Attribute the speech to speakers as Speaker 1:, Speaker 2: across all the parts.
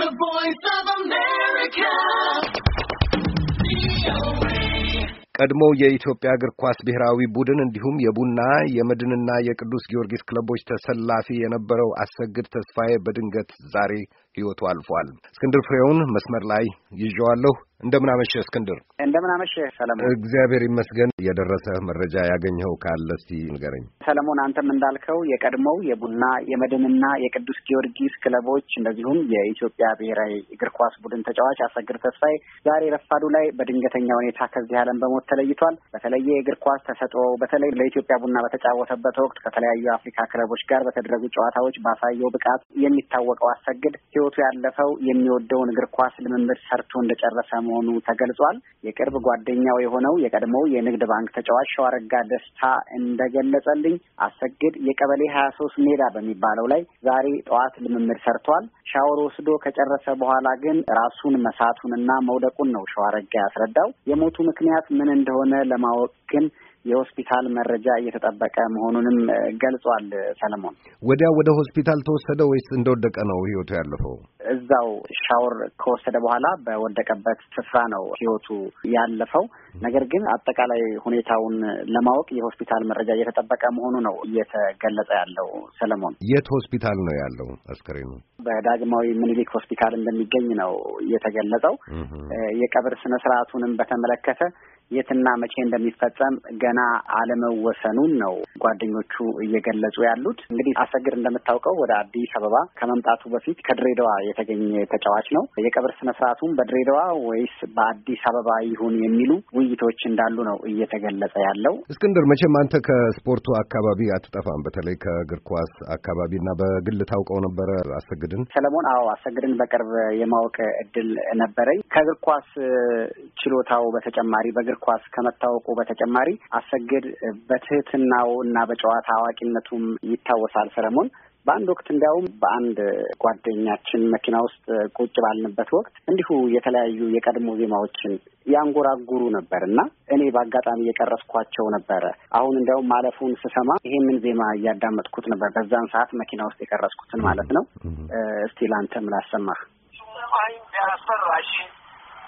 Speaker 1: The Voice of America. ቀድሞ የኢትዮጵያ እግር ኳስ ብሔራዊ ቡድን እንዲሁም የቡና የመድንና የቅዱስ ጊዮርጊስ ክለቦች ተሰላፊ የነበረው አሰግድ ተስፋዬ በድንገት ዛሬ ህይወቱ አልፏል። እስክንድር ፍሬውን መስመር ላይ ይዤዋለሁ። እንደምናመሸ እስክንድር።
Speaker 2: እንደምናመሸ ሰለሞን።
Speaker 1: እግዚአብሔር ይመስገን። የደረሰ መረጃ ያገኘኸው ካለ እስቲ ንገረኝ።
Speaker 2: ሰለሞን፣ አንተም እንዳልከው የቀድሞው የቡና የመድንና የቅዱስ ጊዮርጊስ ክለቦች እንደዚሁም የኢትዮጵያ ብሔራዊ እግር ኳስ ቡድን ተጫዋች አሰግድ ተስፋይ ዛሬ ረፋዱ ላይ በድንገተኛ ሁኔታ ከዚህ ዓለም በሞት ተለይቷል። በተለየ የእግር ኳስ ተሰጥኦ በተለይ ለኢትዮጵያ ቡና በተጫወተበት ወቅት ከተለያዩ የአፍሪካ ክለቦች ጋር በተደረጉ ጨዋታዎች ባሳየው ብቃት የሚታወቀው አሰግድ ህይወቱ ያለፈው የሚወደውን እግር ኳስ ልምምድ ሰርቶ እንደጨረሰ መሆኑ ተገልጿል። የቅርብ ጓደኛው የሆነው የቀድሞው የንግድ ባንክ ተጫዋች ሸዋረጋ ደስታ እንደገለጸልኝ አሰግድ የቀበሌ ሀያ ሶስት ሜዳ በሚባለው ላይ ዛሬ ጠዋት ልምምድ ሰርቷል። ሻወር ወስዶ ከጨረሰ በኋላ ግን ራሱን መሳቱንና መውደቁን ነው ሸዋረጋ ያስረዳው። የሞቱ ምክንያት ምን እንደሆነ ለማወቅ ግን የሆስፒታል መረጃ እየተጠበቀ መሆኑንም ገልጿል። ሰለሞን
Speaker 1: ወዲያ ወደ ሆስፒታል ተወሰደ ወይስ እንደወደቀ ነው ህይወቱ ያለፈው?
Speaker 2: እዛው ሻወር ከወሰደ በኋላ በወደቀበት ስፍራ ነው ህይወቱ ያለፈው። ነገር ግን አጠቃላይ ሁኔታውን ለማወቅ የሆስፒታል መረጃ እየተጠበቀ መሆኑ ነው እየተገለጸ ያለው። ሰለሞን
Speaker 1: የት ሆስፒታል ነው ያለው አስከሬኑ?
Speaker 2: በዳግማዊ ምኒልክ ሆስፒታል እንደሚገኝ ነው የተገለጸው። የቀብር ስነ ስርዓቱንም በተመለከተ የትና መቼ እንደሚፈጸም ገና አለመወሰኑን ነው ጓደኞቹ እየገለጹ ያሉት። እንግዲህ አሰግድ እንደምታውቀው ወደ አዲስ አበባ ከመምጣቱ በፊት ከድሬዳዋ የተገኘ ተጫዋች ነው። የቀብር ስነ ስርዓቱም በድሬዳዋ ወይስ በአዲስ አበባ ይሁን የሚሉ ውይይቶች እንዳሉ ነው እየተገለጸ ያለው።
Speaker 1: እስክንድር፣ መቼም አንተ ከስፖርቱ አካባቢ አትጠፋም። በተለይ ከእግር ኳስ አካባቢ እና በግል ታውቀው ነበረ አሰግድን
Speaker 2: ሰለሞን? አዎ አሰግድን በቅርብ የማወቅ እድል ነበረኝ። ከእግር ኳስ ችሎታው በተጨማሪ በእግር ኳስ ከመታወቁ በተጨማሪ አሰግድ በትህትናው እና በጨዋታ አዋቂነቱም ይታወሳል። ሰለሞን በአንድ ወቅት እንዲያውም በአንድ ጓደኛችን መኪና ውስጥ ቁጭ ባልንበት ወቅት እንዲሁ የተለያዩ የቀድሞ ዜማዎችን ያንጎራጉሩ ነበር እና እኔ በአጋጣሚ የቀረስኳቸው ነበረ። አሁን እንዲያውም ማለፉን ስሰማ ይሄንን ዜማ እያዳመጥኩት ነበር፣ በዛን ሰዓት መኪና ውስጥ የቀረስኩትን ማለት ነው። እስቲ ላንተም ላሰማህ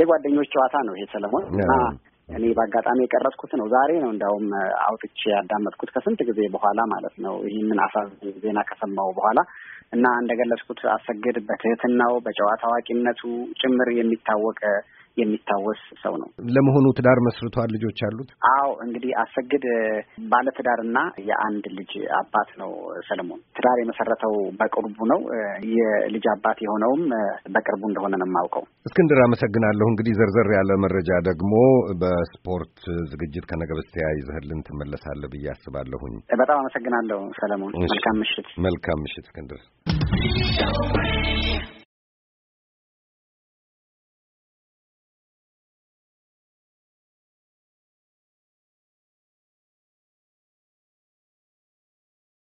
Speaker 2: የጓደኞች ጨዋታ ነው ይሄ ሰለሞን እና እኔ በአጋጣሚ የቀረጽኩት ነው። ዛሬ ነው እንዲያውም አውጥቼ ያዳመጥኩት ከስንት ጊዜ በኋላ ማለት ነው። ይህንን አሳዛኝ ዜና ከሰማው በኋላ እና እንደገለጽኩት አሰግድ በትህትናው በጨዋታ አዋቂነቱ ጭምር የሚታወቅ የሚታወስ ሰው ነው።
Speaker 1: ለመሆኑ ትዳር መስርቷል? ልጆች አሉት?
Speaker 2: አዎ እንግዲህ አሰግድ ባለትዳርና የአንድ ልጅ አባት ነው። ሰለሞን ትዳር የመሰረተው በቅርቡ ነው። የልጅ አባት የሆነውም በቅርቡ እንደሆነ ነው የማውቀው።
Speaker 1: እስክንድር አመሰግናለሁ። እንግዲህ ዘርዘር ያለ መረጃ ደግሞ በስፖርት ዝግጅት ከነገ በስቲያ ይዘህልን ትመለሳለህ ብዬ አስባለሁኝ።
Speaker 2: በጣም አመሰግናለሁ ሰለሞን። መልካም ምሽት።
Speaker 1: መልካም ምሽት እስክንድር።